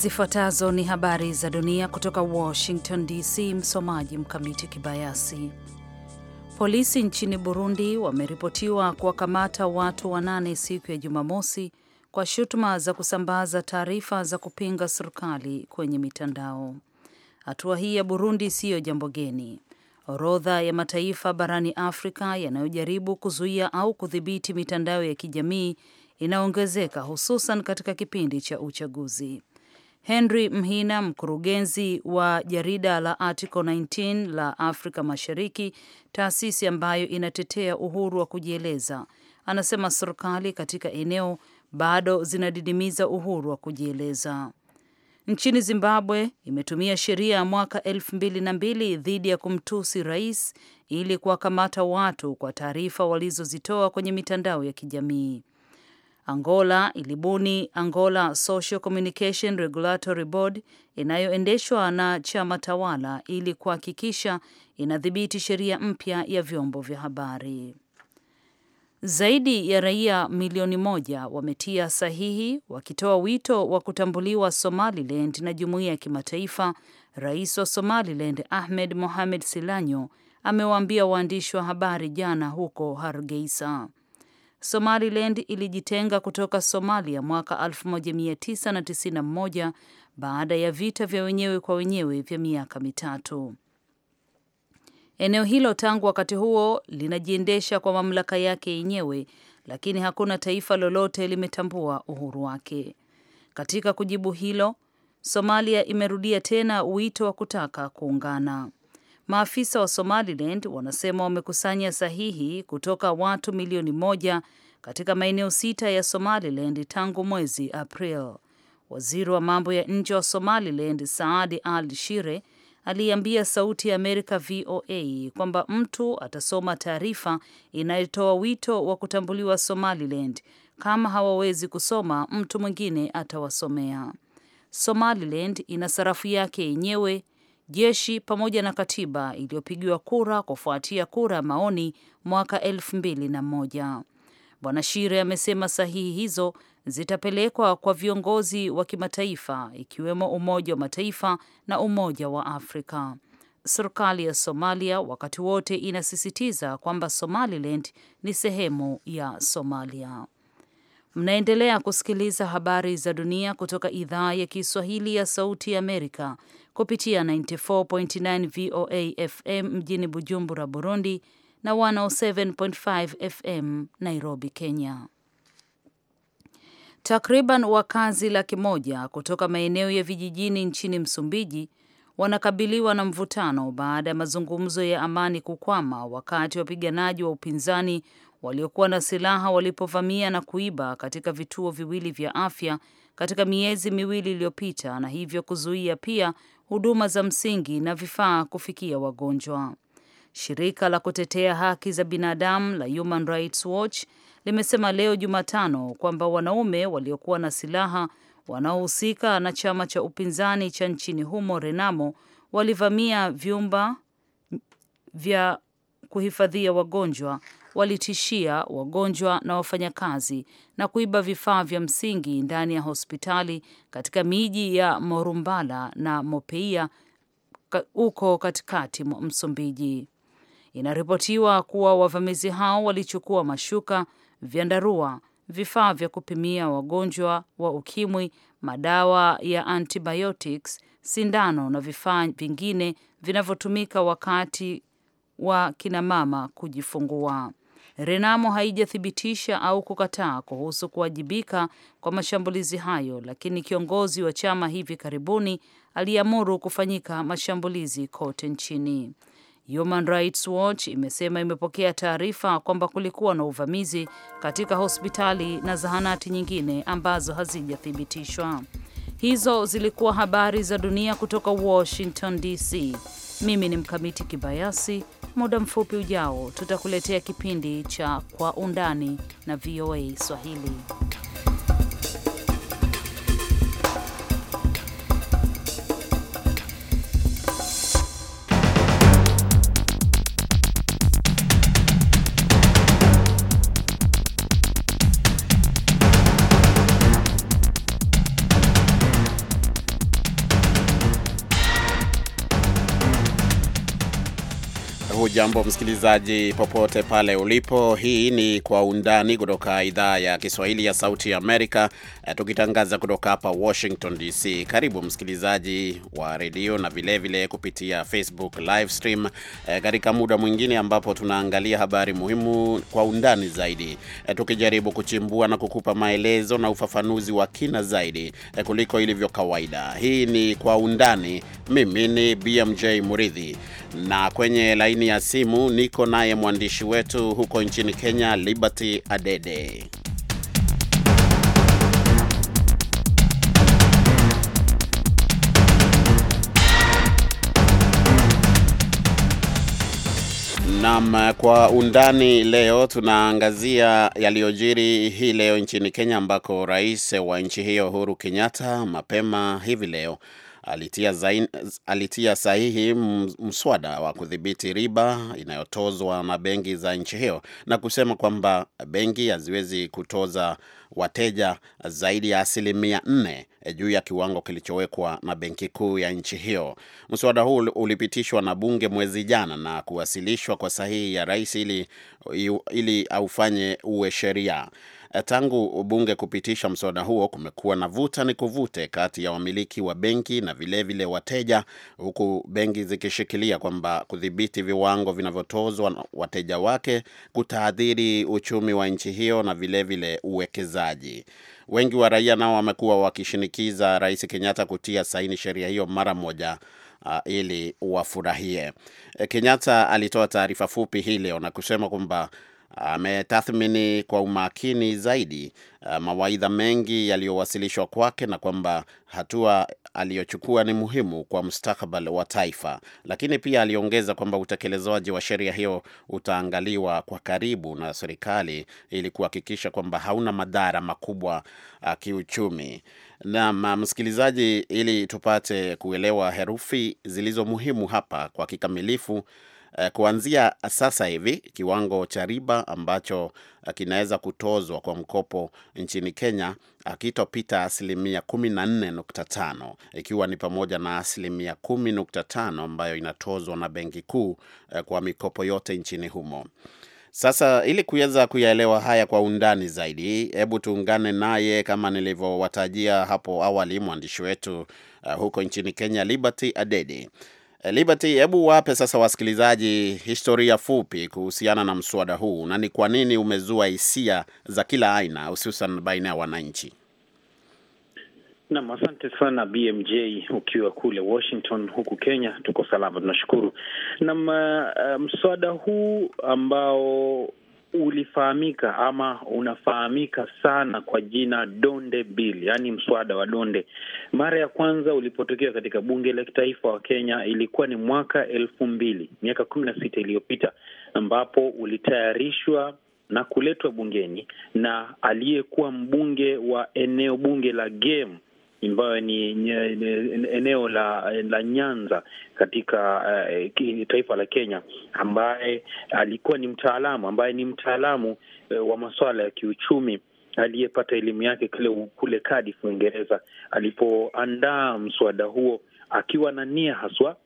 Zifuatazo ni habari za dunia kutoka Washington DC. Msomaji Mkamiti Kibayasi. Polisi nchini Burundi wameripotiwa kuwakamata watu wanane siku ya Jumamosi kwa shutuma za kusambaza taarifa za kupinga serikali kwenye mitandao. Hatua hii ya Burundi siyo jambo geni. Orodha ya mataifa barani Afrika yanayojaribu kuzuia au kudhibiti mitandao ya kijamii inaongezeka, hususan katika kipindi cha uchaguzi. Henry Mhina, mkurugenzi wa jarida la Article 19 la Afrika Mashariki, taasisi ambayo inatetea uhuru wa kujieleza, anasema serikali katika eneo bado zinadidimiza uhuru wa kujieleza. Nchini Zimbabwe imetumia sheria ya mwaka elfu mbili na mbili dhidi ya kumtusi rais ili kuwakamata watu kwa taarifa walizozitoa kwenye mitandao ya kijamii. Angola ilibuni Angola Social Communication Regulatory Board inayoendeshwa na chama tawala ili kuhakikisha inadhibiti sheria mpya ya vyombo vya habari. Zaidi ya raia milioni moja wametia sahihi wakitoa wito wa kutambuliwa Somaliland na jumuiya ya kimataifa. Rais wa Somaliland Ahmed Mohamed Silanyo amewaambia waandishi wa habari jana huko Hargeisa. Somaliland ilijitenga kutoka Somalia mwaka 1991 baada ya vita vya wenyewe kwa wenyewe vya miaka mitatu. Eneo hilo tangu wakati huo linajiendesha kwa mamlaka yake yenyewe, lakini hakuna taifa lolote limetambua uhuru wake. Katika kujibu hilo, Somalia imerudia tena wito wa kutaka kuungana. Maafisa wa Somaliland wanasema wamekusanya sahihi kutoka watu milioni moja katika maeneo sita ya Somaliland tangu mwezi April. Waziri wa mambo ya nje wa Somaliland Saadi Al Shire aliambia Sauti ya Amerika VOA kwamba mtu atasoma taarifa inayotoa wito wa kutambuliwa Somaliland. Kama hawawezi kusoma, mtu mwingine atawasomea. Somaliland ina sarafu yake yenyewe, jeshi pamoja na katiba iliyopigiwa kura kufuatia kura ya maoni mwaka elfu mbili na moja. Bwana Shire amesema sahihi hizo zitapelekwa kwa viongozi wa kimataifa ikiwemo Umoja wa Mataifa na Umoja wa Afrika. Serikali ya Somalia wakati wote inasisitiza kwamba Somaliland ni sehemu ya Somalia. Mnaendelea kusikiliza habari za dunia kutoka idhaa ya Kiswahili ya Sauti ya Amerika kupitia 94.9 VOA FM mjini Bujumbura, Burundi na 107.5 FM Nairobi, Kenya. Takriban wakazi laki moja kutoka maeneo ya vijijini nchini Msumbiji wanakabiliwa na mvutano baada ya mazungumzo ya amani kukwama wakati wapiganaji wa upinzani waliokuwa na silaha walipovamia na kuiba katika vituo viwili vya afya katika miezi miwili iliyopita na hivyo kuzuia pia huduma za msingi na vifaa kufikia wagonjwa. Shirika la kutetea haki za binadamu la Human Rights Watch limesema leo Jumatano kwamba wanaume waliokuwa na silaha wanaohusika na chama cha upinzani cha nchini humo Renamo walivamia vyumba vya kuhifadhia wagonjwa walitishia wagonjwa na wafanyakazi na kuiba vifaa vya msingi ndani ya hospitali katika miji ya Morumbala na Mopeia huko katikati mwa Msumbiji. Inaripotiwa kuwa wavamizi hao walichukua mashuka, vyandarua, vifaa vya kupimia wagonjwa wa ukimwi, madawa ya antibiotics, sindano na vifaa vingine vinavyotumika wakati wa kinamama kujifungua. Renamo haijathibitisha au kukataa kuhusu kuwajibika kwa mashambulizi hayo, lakini kiongozi wa chama hivi karibuni aliamuru kufanyika mashambulizi kote nchini. Human Rights Watch imesema imepokea taarifa kwamba kulikuwa na uvamizi katika hospitali na zahanati nyingine ambazo hazijathibitishwa. Hizo zilikuwa habari za dunia kutoka Washington DC. Mimi ni Mkamiti Kibayasi. Muda mfupi ujao tutakuletea kipindi cha Kwa Undani na VOA Swahili. Hujambo msikilizaji, popote pale ulipo. Hii ni Kwa Undani kutoka idhaa ya Kiswahili ya Sauti ya Amerika, eh, tukitangaza kutoka hapa Washington DC. Karibu msikilizaji wa redio na vilevile vile kupitia Facebook live stream eh, katika muda mwingine ambapo tunaangalia habari muhimu kwa undani zaidi, eh, tukijaribu kuchimbua na kukupa maelezo na ufafanuzi wa kina zaidi kuliko ilivyo kawaida. Hii ni Kwa Undani. Mimi ni BMJ Muridhi na kwenye laini ya simu niko naye mwandishi wetu huko nchini Kenya, Liberty Adede. Naam, kwa undani leo tunaangazia yaliyojiri hii leo nchini Kenya ambako rais wa nchi hiyo Uhuru Kenyatta mapema hivi leo alitia, zain, alitia sahihi mswada wa kudhibiti riba inayotozwa na benki za nchi hiyo na kusema kwamba benki haziwezi kutoza wateja zaidi ya asilimia nne Eh, juu ya kiwango kilichowekwa na benki kuu ya nchi hiyo. Mswada huu ulipitishwa na bunge mwezi jana na kuwasilishwa kwa sahihi ya rais ili, ili aufanye uwe sheria. Eh, tangu bunge kupitisha mswada huo, kumekuwa na vuta ni kuvute kati ya wamiliki wa benki na vilevile vile wateja, huku benki zikishikilia kwamba kudhibiti viwango vinavyotozwa wateja wake kutaadhiri uchumi wa nchi hiyo na vilevile vile uwekezaji. Wengi wa raia nao wamekuwa wakishinikiza Rais Kenyatta kutia saini sheria hiyo mara moja, uh, ili wafurahie. Eh, Kenyatta alitoa taarifa fupi hii leo na kusema kwamba ametathmini kwa umakini zaidi uh, mawaidha mengi yaliyowasilishwa kwake na kwamba hatua aliyochukua ni muhimu kwa mstakbal wa taifa, lakini pia aliongeza kwamba utekelezaji wa sheria hiyo utaangaliwa kwa karibu na serikali ili kuhakikisha kwamba hauna madhara makubwa uh, kiuchumi. nam uh, msikilizaji, ili tupate kuelewa herufi zilizo muhimu hapa kwa kikamilifu Eh, kuanzia sasa hivi kiwango cha riba ambacho eh, kinaweza kutozwa kwa mkopo nchini Kenya akitopita eh, asilimia 14.5 ikiwa ni pamoja na asilimia kumi ambayo inatozwa na benki kuu kwa mikopo yote nchini humo. Sasa ili kuweza kuyaelewa haya kwa undani zaidi, hebu tuungane naye kama nilivyowatajia hapo awali, mwandishi wetu uh, huko nchini Kenya Liberty Adede. Eh, Liberty, hebu wape sasa wasikilizaji historia fupi kuhusiana na mswada huu na ni kwa nini umezua hisia za kila aina hususan baina ya wananchi. Nam, asante sana BMJ, ukiwa kule Washington, huku Kenya tuko salama, tunashukuru. Nam, uh, eh, eh, mswada huu ambao ulifahamika ama unafahamika sana kwa jina Donde Bill, yaani mswada wa Donde. Mara ya kwanza ulipotokea katika bunge la kitaifa wa Kenya ilikuwa ni mwaka elfu mbili, miaka kumi na sita iliyopita, ambapo ulitayarishwa na kuletwa bungeni na aliyekuwa mbunge wa eneo bunge la Game ambayo ni eneo la la Nyanza katika uh, taifa la Kenya, ambaye alikuwa ni mtaalamu ambaye ni mtaalamu uh, wa masuala ya kiuchumi aliyepata elimu yake kule kule Cardiff, Uingereza, alipoandaa mswada huo akiwa na nia haswa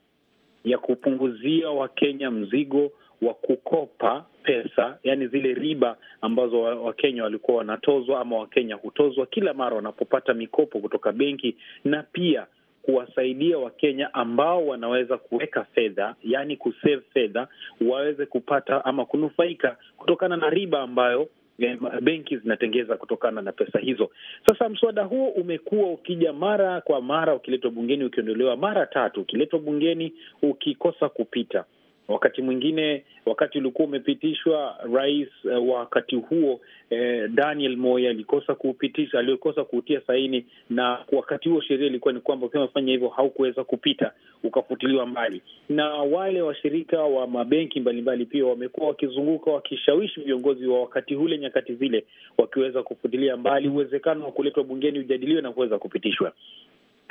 ya kupunguzia Wakenya mzigo wa kukopa pesa, yani zile riba ambazo Wakenya walikuwa wanatozwa ama Wakenya hutozwa kila mara wanapopata mikopo kutoka benki, na pia kuwasaidia Wakenya ambao wanaweza kuweka fedha, yani kusave fedha, waweze kupata ama kunufaika kutokana na riba ambayo eh, benki zinatengeza kutokana na pesa hizo. Sasa mswada huo umekuwa ukija mara kwa mara, ukiletwa bungeni, ukiondolewa mara tatu, ukiletwa bungeni ukikosa kupita. Wakati mwingine, wakati ulikuwa umepitishwa, rais eh, wa wakati huo eh, Daniel Moi alikosa kuupitisha, alikosa kuutia saini, na wakati huo sheria ilikuwa ni kwamba ukiwa amefanya hivyo haukuweza kupita, ukafutiliwa mbali. Na wale washirika wa mabenki mbalimbali pia wamekuwa wakizunguka wakishawishi viongozi wa wakati ule, nyakati zile, wakiweza kufutilia mbali uwezekano wa kuletwa bungeni ujadiliwe na kuweza kupitishwa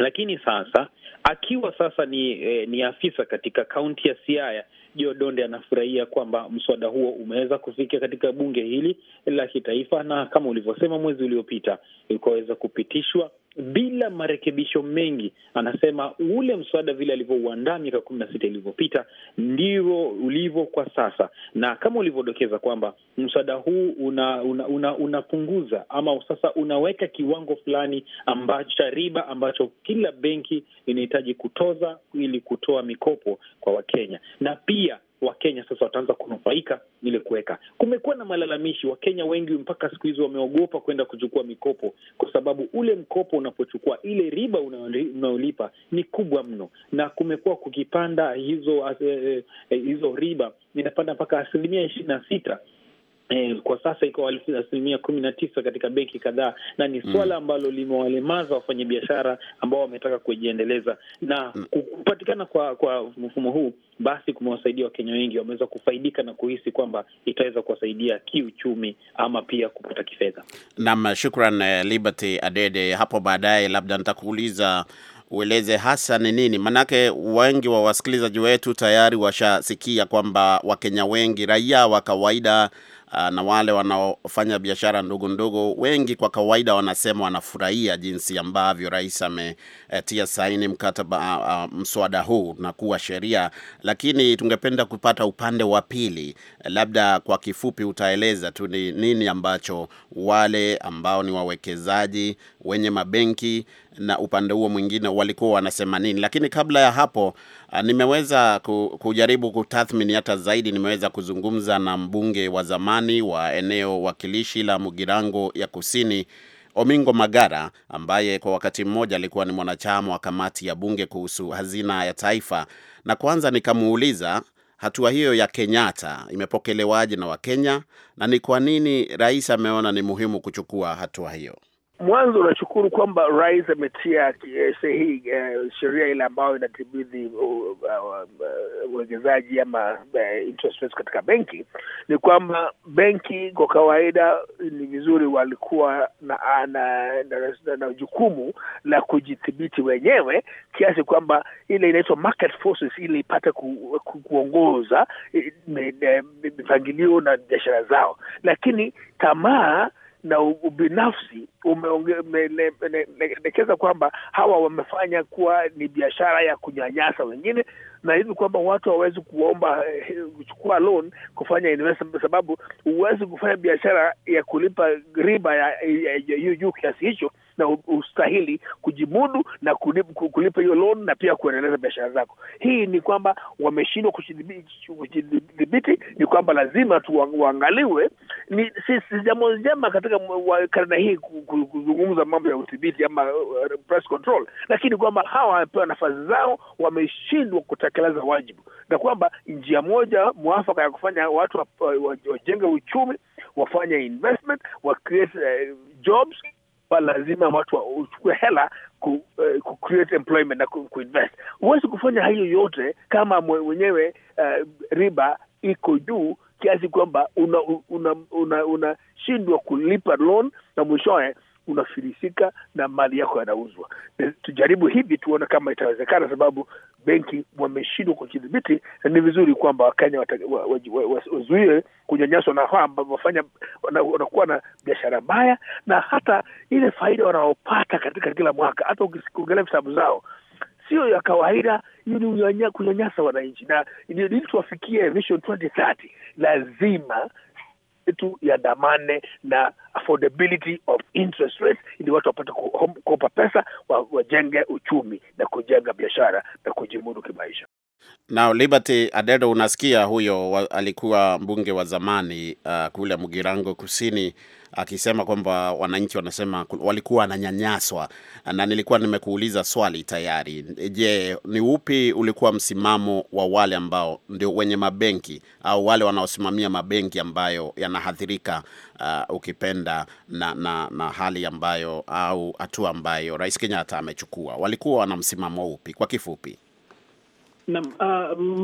lakini sasa akiwa sasa ni eh, ni afisa katika kaunti ya Siaya, Jo Donde anafurahia kwamba mswada huo umeweza kufikia katika bunge hili la kitaifa, na kama ulivyosema mwezi uliopita ikaweza kupitishwa bila marekebisho mengi. Anasema ule mswada vile alivyouandaa miaka kumi na sita ilivyopita ndivyo ulivyo kwa sasa, na kama ulivyodokeza kwamba mswada huu unapunguza una, una, una ama sasa unaweka kiwango fulani ambacho cha riba ambacho kila benki inahitaji kutoza ili kutoa mikopo kwa Wakenya na pia Wakenya sasa wataanza kunufaika ile kuweka. Kumekuwa na malalamishi, Wakenya wengi mpaka siku hizi wameogopa kwenda kuchukua mikopo, kwa sababu ule mkopo unapochukua ile riba unayolipa ni kubwa mno, na kumekuwa kukipanda hizo eh, eh hizo riba inapanda mpaka asilimia ishirini na sita Eh, kwa sasa iko asilimia kumi na tisa katika benki kadhaa, na ni mm. swala ambalo limewalemaza wafanyabiashara ambao wametaka kujiendeleza na mm. kupatikana kwa kwa mfumo huu, basi kumewasaidia Wakenya wengi wameweza kufaidika na kuhisi kwamba itaweza kuwasaidia kiuchumi ama pia kupata kifedha. Naam, shukran eh, Liberty Adede. Hapo baadaye labda nitakuuliza ueleze hasa ni nini manake, wengi wa wasikilizaji wetu tayari washasikia kwamba Wakenya wengi, raia wa kawaida Ah, na wale wanaofanya biashara ndogo ndogo, wengi kwa kawaida wanasema wanafurahia jinsi ambavyo rais ametia saini mkataba ah, ah, mswada huu na kuwa sheria, lakini tungependa kupata upande wa pili. Labda kwa kifupi utaeleza tu ni nini ambacho wale ambao ni wawekezaji wenye mabenki na upande huo mwingine walikuwa wanasema nini. Lakini kabla ya hapo, nimeweza kujaribu kutathmini hata zaidi, nimeweza kuzungumza na mbunge wa zamani zamani wa eneo wakilishi la Mugirango ya Kusini Omingo Magara ambaye kwa wakati mmoja alikuwa ni mwanachama wa kamati ya bunge kuhusu hazina ya taifa, na kwanza nikamuuliza hatua hiyo ya Kenyatta imepokelewaje na Wakenya na ni kwa nini rais ameona ni muhimu kuchukua hatua hiyo mwanzo unashukuru kwamba rais ametia eh, sahihi uh, sheria ile ambayo inatibidhi uwekezaji uh, uh, uh, ama uh, interest rates katika benki. Ni kwamba benki kwa kawaida ni vizuri walikuwa na, na, na, na, na, na jukumu la kujithibiti wenyewe kiasi kwamba ile inaitwa market forces ili ipate ku, ku, kuongoza mipangilio na biashara zao, lakini tamaa na ubinafsi umeelekeza kwamba hawa wamefanya kuwa ni biashara ya kunyanyasa wengine, na hivi kwamba watu hawawezi kuomba kuchukua loan kufanya investment, kwa sababu huwezi kufanya biashara ya kulipa riba ya, ya juu kiasi hicho na ustahili kujimudu na kulipa hiyo loan na pia kuendeleza biashara zako. Hii ni kwamba wameshindwa kujidhibiti, ni kwamba lazima tu sijambo Ni si jambo njema katika karna hii kuzungumza mambo ya udhibiti ama uh, control, lakini kwamba hawa wamepewa nafasi zao, wameshindwa kutekeleza wajibu, na kwamba njia moja mwafaka ya kufanya watu wajenge uchumi, wafanye investment, wa create uh, jobs kwa lazima watu wachukue hela ku, uh, create employment na ku, kuinvest. Huwezi kufanya hayo yote kama mwenyewe uh, riba iko juu kiasi kwamba unashindwa una, una, una, kulipa loan na mwishoye unafirisika na mali yako yanauzwa. Tujaribu hivi tuone kama itawezekana, sababu benki wameshindwa kukidhibiti, na ni vizuri kwamba Wakenya wazuiwe kunyanyaswa na hawa ambao wafanya wanakuwa na biashara mbaya, na hata ile faida wanaopata katika kila mwaka, hata ukiongelea visabu zao sio ya kawaida. Hiyo ni kunyanyasa wananchi, na ili tuwafikie Vision 2030 lazima yetu ya dhamane na affordability of interest rates, ili watu wapate kukopa pesa wajenge uchumi na kujenga biashara na kujimudu kimaisha. Na Liberty Adedo, unasikia huyo wa, alikuwa mbunge wa zamani uh, kule Mgirango Kusini akisema kwamba wananchi wanasema walikuwa wananyanyaswa, na nilikuwa nimekuuliza swali tayari. Je, ni upi ulikuwa msimamo wa wale ambao ndio wenye mabenki au wale wanaosimamia mabenki ambayo yanahadhirika, uh, ukipenda na, na, na hali ambayo au hatua ambayo Rais Kenyatta amechukua, walikuwa wana msimamo upi kwa kifupi? Naam,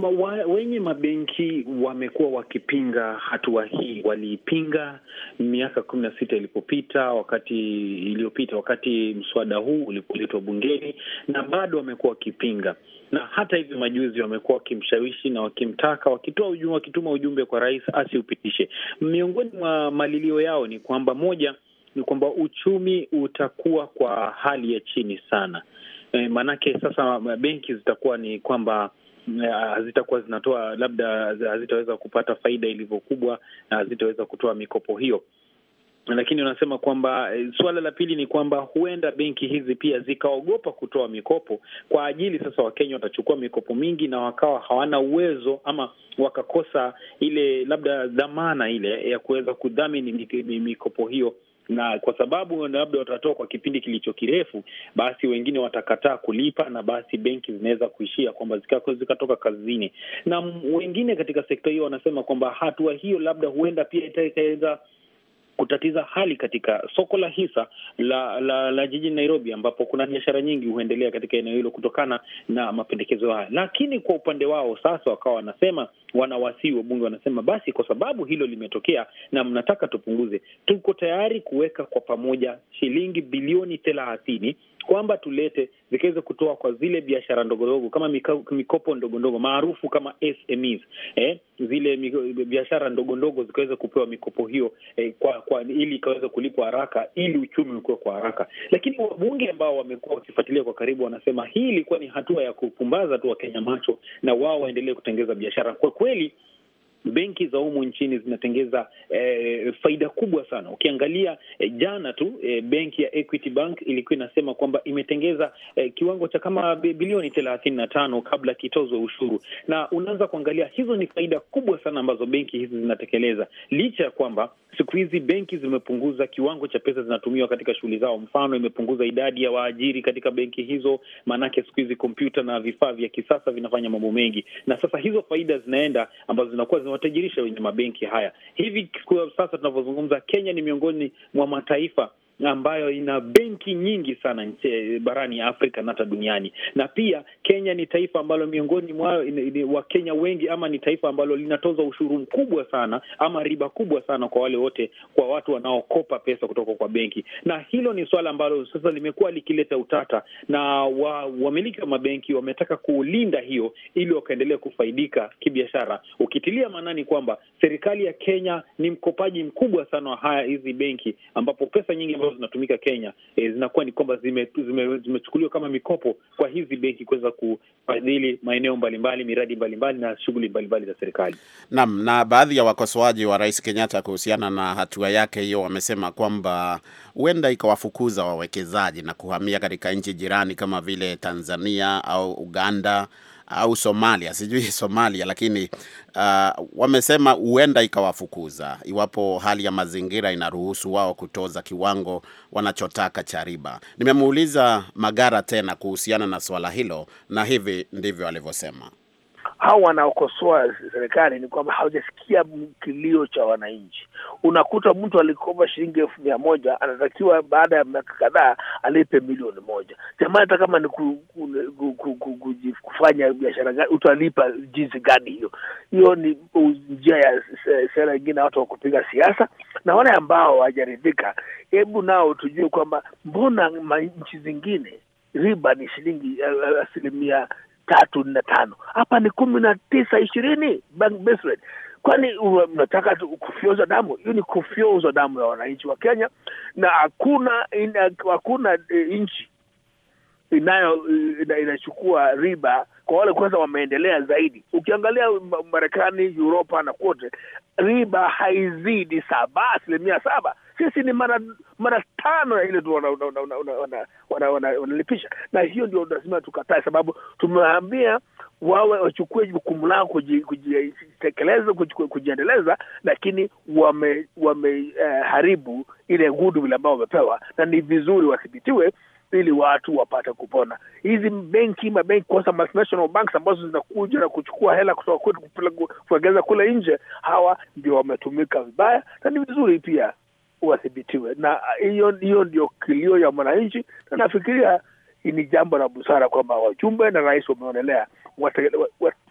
uh, wenye mabenki wamekuwa wakipinga hatua hii. Waliipinga miaka kumi na sita ilipopita wakati iliyopita, wakati mswada huu ulipoletwa bungeni, na bado wamekuwa wakipinga, na hata hivi majuzi wamekuwa wakimshawishi na wakimtaka, wakitoa ujumbe, wakituma ujumbe kwa rais asiupitishe. Miongoni mwa malilio yao ni kwamba moja ni kwamba uchumi utakuwa kwa hali ya chini sana e, eh, maanake sasa benki zitakuwa ni kwamba eh, hazitakuwa zinatoa labda hazitaweza kupata faida ilivyokubwa na hazitaweza kutoa mikopo hiyo lakini unasema kwamba eh, suala la pili ni kwamba huenda benki hizi pia zikaogopa kutoa mikopo kwa ajili sasa, Wakenya watachukua mikopo mingi na wakawa hawana uwezo ama wakakosa ile labda dhamana ile ya kuweza kudhamini mikopo hiyo na kwa sababu labda watatoa kwa kipindi kilicho kirefu, basi wengine watakataa kulipa, na basi benki zinaweza kuishia kwamba zikatoka kazini. Na wengine katika sekta hiyo wanasema kwamba hatua hiyo labda huenda pia itaweza kutatiza hali katika soko la hisa la la, la jijini Nairobi, ambapo kuna biashara nyingi huendelea katika eneo hilo kutokana na mapendekezo haya. Lakini kwa upande wao sasa wakawa wanasema wanawasii wabunge wanasema, basi kwa sababu hilo limetokea na mnataka tupunguze, tuko tayari kuweka kwa pamoja shilingi bilioni thelathini kwamba tulete zikaweza kutoa kwa zile biashara ndogondogo kama mikopo ndogondogo maarufu kama SMEs eh, zile biashara ndogo ndogo zikaweza kupewa mikopo hiyo eh, kwa, kwa ili ikaweza kulipwa haraka ili uchumi ukiwe kwa haraka. Lakini wabunge ambao wamekuwa wakifuatilia kwa karibu wanasema hii ilikuwa ni hatua ya kupumbaza tu Wakenya macho na wao waendelee kutengeza biashara. Kwa kweli benki za humu nchini zinatengeza eh, faida kubwa sana. Ukiangalia eh, jana tu eh, benki ya Equity Bank ilikuwa inasema kwamba imetengeza eh, kiwango cha kama bilioni thelathini na tano kabla kitozwe ushuru, na unaanza kuangalia hizo ni faida kubwa sana ambazo benki hizi zinatekeleza, licha ya kwamba siku hizi benki zimepunguza kiwango cha pesa zinatumiwa katika shughuli zao. Mfano, imepunguza idadi ya waajiri katika benki hizo, maanake siku hizi kompyuta na vifaa vya kisasa vinafanya mambo mengi, na sasa hizo faida zinaenda ambazo zinakuwa zina watajirisha wenye mabenki haya. Hivi sasa tunavyozungumza, Kenya ni miongoni mwa mataifa ambayo ina benki nyingi sana eh, barani ya Afrika na hata duniani, na pia Kenya ni taifa ambalo miongoni mwa Wakenya wengi ama ni taifa ambalo linatoza ushuru mkubwa sana ama riba kubwa sana kwa wale wote, kwa watu wanaokopa pesa kutoka kwa benki, na hilo ni swala ambalo sasa limekuwa likileta utata, na wa, wamiliki wa mabenki wametaka kulinda hiyo ili wakaendelea kufaidika kibiashara, ukitilia maanani kwamba serikali ya Kenya ni mkopaji mkubwa sana wa haya hizi benki ambapo pesa nyingi ambazo zinatumika Kenya e, zinakuwa ni kwamba zimechukuliwa zime, zime kama mikopo kwa hizi benki kuweza kufadhili maeneo mbalimbali, miradi mbalimbali na shughuli mbalimbali za serikali. Naam, na baadhi ya wakosoaji wa Rais Kenyatta kuhusiana na hatua yake hiyo wamesema kwamba huenda ikawafukuza wawekezaji na kuhamia katika nchi jirani kama vile Tanzania au Uganda au Somalia, sijui Somalia, lakini uh, wamesema huenda ikawafukuza iwapo hali ya mazingira inaruhusu wao kutoza kiwango wanachotaka cha riba. Nimemuuliza Magara tena kuhusiana na swala hilo na hivi ndivyo alivyosema hao wanaokosoa serikali ni kwamba hawajasikia kilio cha wananchi. Unakuta mtu alikopa shilingi elfu mia moja anatakiwa baada ya miaka kadhaa alipe milioni moja. Jamani, hata kama ni ku, ku, ku, ku, ku, ku, kufanya biashara gani utalipa jinsi gani? Hiyo hiyo ni njia ya sera ingine, watu wa kupiga siasa. Na wale ambao hawajaridhika, hebu nao tujue kwamba mbona nchi zingine riba ni shilingi eh, eh, asilimia uh, tatu nne tano hapa ni kumi na tisa ishirini kwani uh, mnataka kufyoza damu hiyo ni kufyoza damu ya wananchi wa kenya na hakuna hakuna eh, nchi inayo ina, inachukua riba kwa wale kwanza wameendelea zaidi. Ukiangalia Marekani, Uropa na kote riba haizidi saba asilimia saba sisi ni mara mara tano ya ile wanalipisha, na hiyo ndio lazima tukatae, sababu tumewaambia wawe wachukue jukumu lao kujitekeleza, kujiendeleza, lakini wameharibu wame, uh, ile goodwill ambao wamepewa, na ni vizuri wathibitiwe ili watu wapate kupona. Hizi benki mabenki kwanza multinational banks ambazo zinakuja na kuchukua hela kutoka kwetu kuegeza kule nje, hawa ndio wametumika vibaya, na ni vizuri pia wathibitiwe, na uh, hiyo hiyo ndio kilio ya mwananchi, na nafikiria ni jambo la busara kwamba wajumbe na rais wameonelea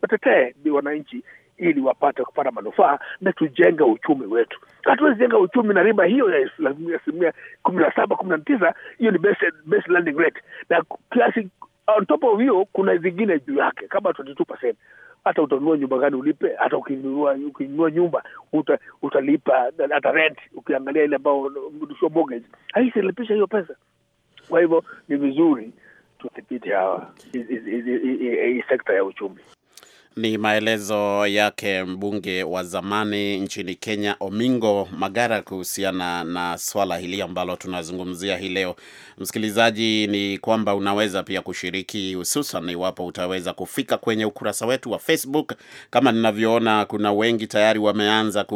watetee wananchi ili wapate kupata manufaa na tujenge uchumi wetu. Hatuwezi jenga uchumi na riba hiyo ya asilimia kumi na saba kumi na tisa. Hiyo ni rate, na kiasi on top of hiyo kuna zingine juu yake kama 22% hata utanunua nyumba gani ulipe, hata ukinunua ukinunua nyumba uta, utalipa hata rent, ukiangalia ile ambayo mortgage haisilipisha hiyo pesa. Kwa hivyo ni vizuri tudhibiti hawa hii sekta ya uchumi. Ni maelezo yake mbunge wa zamani nchini Kenya, Omingo Magara, kuhusiana na swala hili ambalo tunazungumzia hii leo. Msikilizaji, ni kwamba unaweza pia kushiriki, hususan iwapo utaweza kufika kwenye ukurasa wetu wa Facebook. Kama ninavyoona, kuna wengi tayari wameanza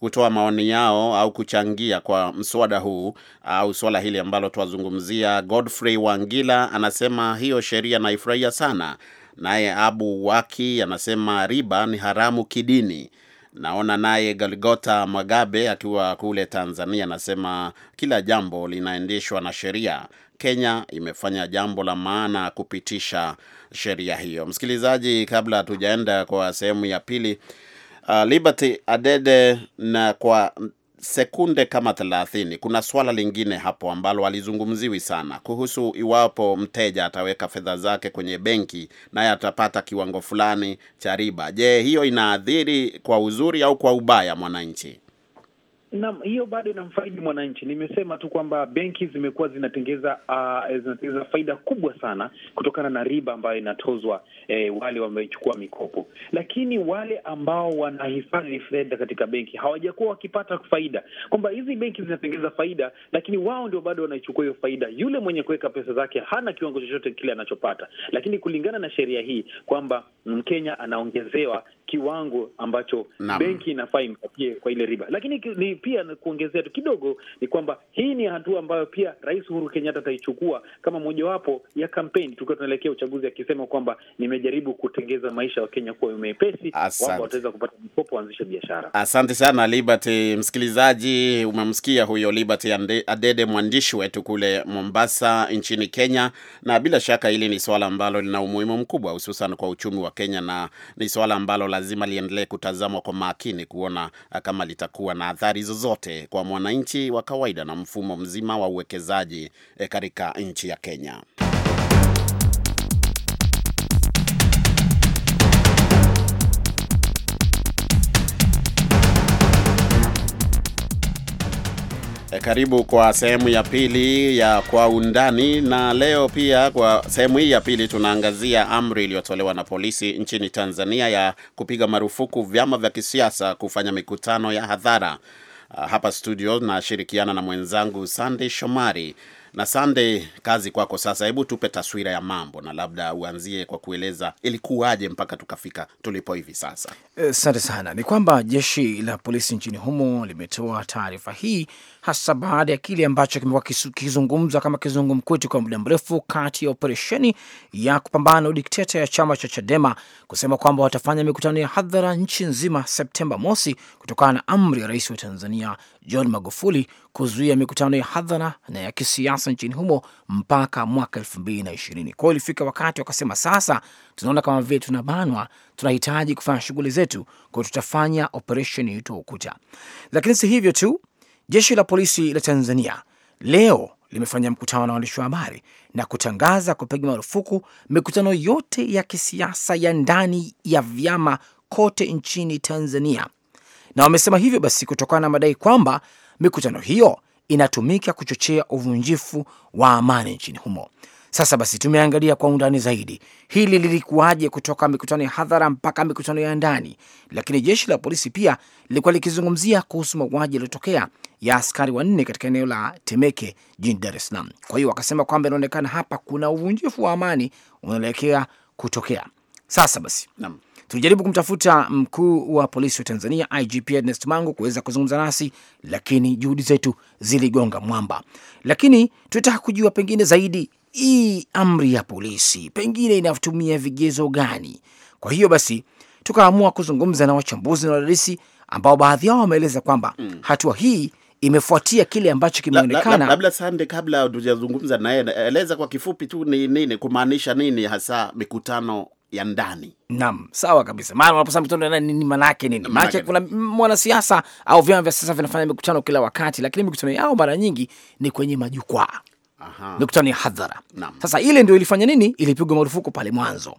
kutoa maoni yao au kuchangia kwa mswada huu au swala hili ambalo twazungumzia. Godfrey Wangila anasema hiyo sheria naifurahia sana Naye Abu Waki anasema riba ni haramu kidini. Naona naye Galgota Magabe akiwa kule Tanzania anasema kila jambo linaendeshwa na sheria. Kenya imefanya jambo la maana kupitisha sheria hiyo. Msikilizaji, kabla hatujaenda kwa sehemu ya pili, uh, Liberty Adede na kwa sekunde kama thelathini, kuna swala lingine hapo ambalo halizungumziwi sana kuhusu iwapo mteja ataweka fedha zake kwenye benki naye atapata kiwango fulani cha riba. Je, hiyo inaathiri kwa uzuri au kwa ubaya mwananchi? Naam, hiyo bado inamfaidi mwananchi. Nimesema tu kwamba benki zimekuwa zinatengeza uh, zinatengeza faida kubwa sana kutokana na riba ambayo inatozwa eh, wale wamechukua mikopo, lakini wale ambao wanahifadhi fedha katika benki hawajakuwa wakipata faida, kwamba hizi benki zinatengeza faida, lakini wao ndio bado wanaichukua hiyo faida. Yule mwenye kuweka pesa zake hana kiwango chochote kile anachopata, lakini kulingana na sheria hii kwamba Mkenya anaongezewa kiwango ambacho benki inafaa impatie kwa ile riba, lakini ni lakini pia na kuongezea tu kidogo ni kwamba hii ni hatua ambayo pia Rais Uhuru Kenyatta ataichukua kama mojawapo ya kampeni, tukiwa tunaelekea uchaguzi, akisema kwamba nimejaribu kutengeza maisha wa Kenya kuwa mepesi, wataweza kupata mikopo, waanzishe biashara. Asante sana Liberty. Msikilizaji, umemsikia huyo Liberty Adede, mwandishi wetu kule Mombasa nchini Kenya, na bila shaka hili ni swala ambalo lina umuhimu mkubwa, hususan kwa uchumi wa Kenya, na ni swala ambalo lazima liendelee kutazamwa kwa makini kuona kama litakuwa na athari zozote kwa mwananchi wa kawaida na mfumo mzima wa uwekezaji e, katika nchi ya Kenya. E, karibu kwa sehemu ya pili ya kwa undani, na leo pia kwa sehemu hii ya pili tunaangazia amri iliyotolewa na polisi nchini Tanzania ya kupiga marufuku vyama vya kisiasa kufanya mikutano ya hadhara Ah, hapa studio, nashirikiana na mwenzangu sande Shomari. Na sande kazi kwako sasa. Hebu tupe taswira ya mambo na labda uanzie kwa kueleza ilikuwaje mpaka tukafika tulipo hivi sasa. Asante eh, sana. Ni kwamba jeshi la polisi nchini humo limetoa taarifa hii hasa baada ya kile ambacho kimekuwa kizungumzwa kama kizungumkuti kwa muda mrefu kati ya operesheni ya kupambana na udikteta ya chama cha Chadema kusema kwamba watafanya mikutano ya hadhara nchi nzima Septemba mosi kutokana na amri ya rais wa Tanzania John Magufuli kuzuia mikutano ya hadhara na ya kisiasa nchini humo mpaka mwaka elfu mbili na ishirini. Kwao ilifika wakati wakasema, sasa tunaona kama vile tunabanwa, tunahitaji kufanya shughuli zetu, kwao tutafanya operesheni itwa Ukuta. Lakini si hivyo tu Jeshi la polisi la Tanzania leo limefanya mkutano na waandishi wa habari na kutangaza kupiga marufuku mikutano yote ya kisiasa ya ndani ya vyama kote nchini Tanzania, na wamesema hivyo basi kutokana na madai kwamba mikutano hiyo inatumika kuchochea uvunjifu wa amani nchini humo. Sasa basi, tumeangalia kwa undani zaidi hili lilikuwaje, kutoka mikutano ya hadhara mpaka mikutano ya ndani. Lakini jeshi la polisi pia lilikuwa likizungumzia kuhusu mauaji yaliyotokea ya askari wanne katika eneo la Temeke jijini Dar es Salaam. Kwa hiyo wakasema kwamba inaonekana hapa kuna uvunjifu wa amani unaelekea kutokea. Sasa basi, naam, tulijaribu kumtafuta mkuu wa polisi wa Tanzania IGP Ernest Mangu kuweza kuzungumza nasi, lakini juhudi zetu ziligonga mwamba. Lakini tunataka kujua pengine zaidi hii amri ya polisi pengine inatumia vigezo gani? Kwa hiyo basi tukaamua kuzungumza na wachambuzi na wadadisi ambao baadhi yao wameeleza kwamba mm, hatua hii imefuatia kile ambacho kimeonekana. Labda Sande, kabla hatujazungumza naye, eleza kwa kifupi tu ni nini kumaanisha nini hasa mikutano ya ndani. Naam, sawa kabisa. Maana unaposema mikutano ya ndani, maana yake nini? Maana kuna mwanasiasa au vyama vya siasa vinafanya mikutano kila wakati, lakini mikutano yao mara nyingi ni kwenye majukwaa, mikutano ya hadhara. Sasa ile ndio ilifanya nini? Ilipigwa marufuku pale mwanzo.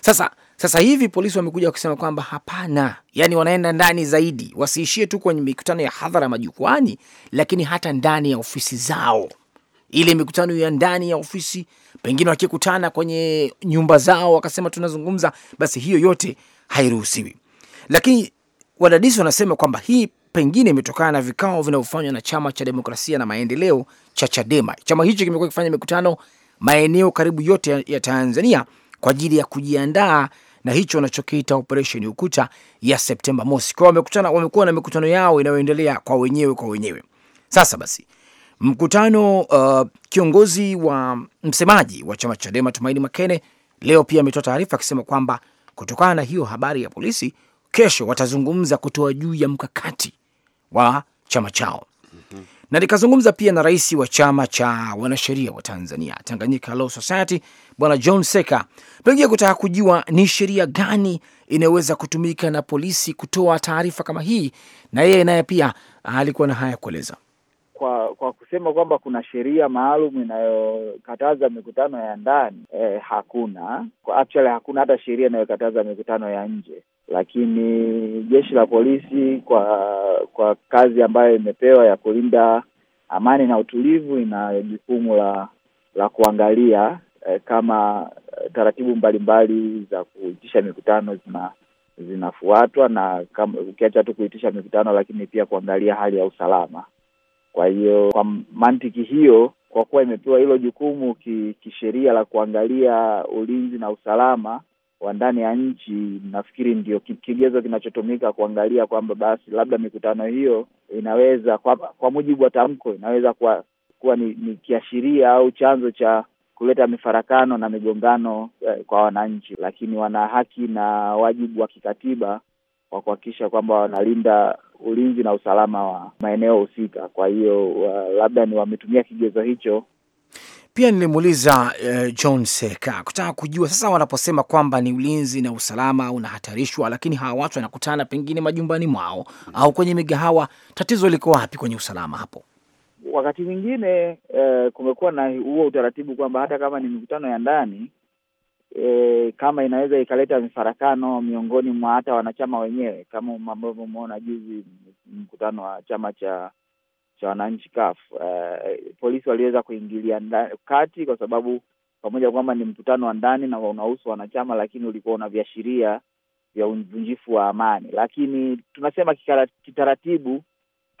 Sasa sasa hivi polisi wamekuja wakisema kwamba hapana, yani wanaenda ndani zaidi, wasiishie tu kwenye mikutano ya hadhara majukwani, lakini hata ndani ya ofisi zao, ile mikutano ya ndani ya ofisi, pengine wakikutana kwenye nyumba zao wakasema tunazungumza, basi hiyo yote hairuhusiwi. Lakini wadadisi wanasema kwamba hii pengine imetokana na vikao vinavyofanywa na chama cha demokrasia na maendeleo cha Chadema. Chama hicho kimekuwa kifanya mikutano maeneo karibu yote ya Tanzania kwa ajili ya kujiandaa na hicho wanachokiita operesheni Ukuta ya Septemba mosi. Kwao wamekutana, wamekuwa na mikutano yao inayoendelea kwa wenyewe kwa wenyewe. Sasa basi mkutano uh, kiongozi wa msemaji wa chama cha Chadema Tumaini Makene leo pia ametoa taarifa akisema kwamba kutokana na hiyo habari ya polisi, kesho watazungumza kutoa juu ya mkakati wa chama chao. Mhm. Na nikazungumza pia na rais wa chama cha wanasheria wa Tanzania Tanganyika Law Society Bwana John Seka, pengine kutaka kujua ni sheria gani inayoweza kutumika na polisi kutoa taarifa kama hii, na yeye naye pia alikuwa na haya kueleza. Kwa, kwa kusema kwamba kuna sheria maalum inayokataza mikutano ya ndani e, hakuna kwa actually, hakuna hata sheria inayokataza mikutano ya nje, lakini jeshi la polisi kwa kwa kazi ambayo imepewa ya kulinda amani na utulivu, ina jukumu la la kuangalia eh, kama eh, taratibu mbalimbali mbali za kuitisha mikutano zina zinafuatwa na kama, ukiacha tu kuitisha mikutano, lakini pia kuangalia hali ya usalama. Kwa hiyo kwa mantiki hiyo, kwa kuwa imepewa hilo jukumu ki, kisheria la kuangalia ulinzi na usalama wa ndani ya nchi, nafikiri ndio kigezo kinachotumika kuangalia kwamba basi labda mikutano hiyo inaweza kwa, kwa mujibu wa tamko inaweza kuwa, kuwa ni, ni kiashiria au chanzo cha kuleta mifarakano na migongano eh, kwa wananchi, lakini wana haki na wajibu wa kikatiba wa kuhakikisha kwamba wanalinda ulinzi na usalama wa maeneo husika. Kwa hiyo uh, labda ni wametumia kigezo hicho. Pia nilimuuliza uh, John Seka kutaka kujua sasa, wanaposema kwamba ni ulinzi na usalama unahatarishwa, lakini hawa watu wanakutana pengine majumbani mwao au kwenye migahawa, tatizo liko wapi kwenye usalama hapo? wakati mwingine e, kumekuwa na huo utaratibu kwamba hata kama ni mikutano ya ndani e, kama inaweza ikaleta mifarakano miongoni mwa hata wanachama wenyewe, kama ambavyo umeona juzi mkutano wa chama cha cha wananchi CUF, e, polisi waliweza kuingilia kati kwa sababu pamoja kwamba ni mkutano wa ndani na unahusu wanachama, lakini ulikuwa una viashiria vya uvunjifu wa amani. Lakini tunasema kikara, kitaratibu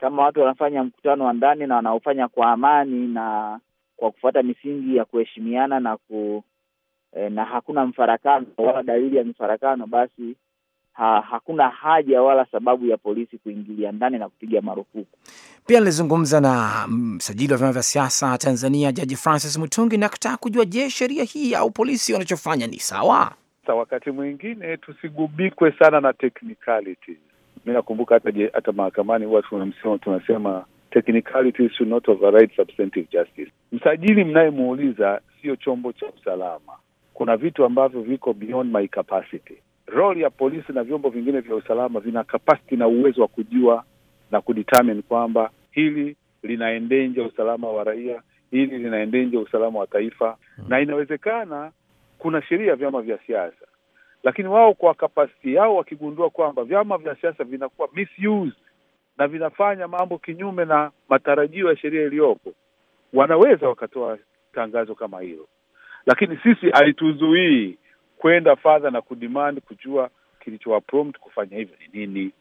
kama watu wanafanya mkutano wa ndani na wanaofanya kwa amani na kwa kufuata misingi ya kuheshimiana na ku e, na hakuna mfarakano wala dalili ya mfarakano, basi ha, hakuna haja wala sababu ya polisi kuingilia ndani na kupiga marufuku. Pia nilizungumza na mm, msajili wa vyama vya siasa Tanzania, Jaji Francis Mutungi, na kutaka kujua, je, sheria hii au polisi wanachofanya ni sawa? Sa wakati mwingine tusigubikwe sana na technicalities mi nakumbuka hata hata mahakamani huwa tunasema tunasema technicality should not override substantive justice. Msajili mnayemuuliza siyo chombo cha usalama, kuna vitu ambavyo viko beyond my capacity. Role ya polisi na vyombo vingine vya usalama vina capacity na uwezo wa kujua na kudetermine kwamba hili linaendenja usalama wa raia, hili linaendenja usalama wa taifa, hmm. na inawezekana kuna sheria ya vyama vya siasa lakini wao kwa kapasiti yao wakigundua kwamba vyama vya siasa vinakuwa misuse na vinafanya mambo kinyume na matarajio ya sheria iliyopo, wanaweza wakatoa tangazo kama hilo. Lakini sisi alituzuii kwenda fadha na kudimand kujua kilichowaprompt kufanya hivyo ni nini,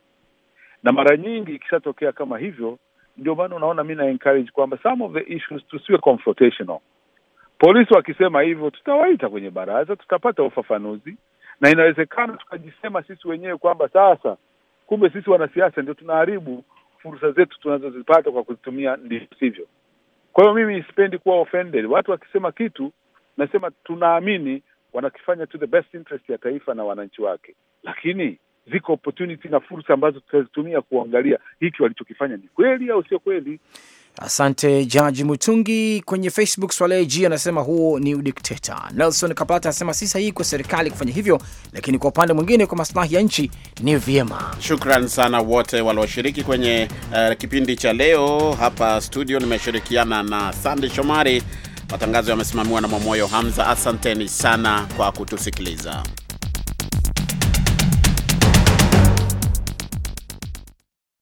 na mara nyingi ikishatokea kama hivyo, ndio maana unaona mi na encourage kwamba some of the issues tusiwe confrontational. Polisi wakisema hivyo, tutawaita kwenye baraza, tutapata ufafanuzi na inawezekana tukajisema sisi wenyewe kwamba sasa kumbe sisi wanasiasa ndio tunaharibu fursa zetu tunazozipata kwa kuzitumia ndivyo sivyo. Kwa hiyo mimi sipendi kuwa offended. Watu wakisema kitu, nasema tunaamini wanakifanya to the best interest ya taifa na wananchi wake, lakini ziko opportunity na fursa ambazo tutazitumia kuangalia hiki walichokifanya ni kweli au sio kweli. Asante Jaji Mutungi. Kwenye Facebook Swaleji anasema huo ni udikteta. Nelson Kapata anasema si sahihi kwa serikali kufanya hivyo, lakini kwa upande mwingine, kwa maslahi ya nchi ni vyema. Shukran sana wote walioshiriki kwenye uh, kipindi cha leo hapa studio. Nimeshirikiana na Sande Shomari. Matangazo yamesimamiwa na Mwamoyo Hamza. Asanteni sana kwa kutusikiliza.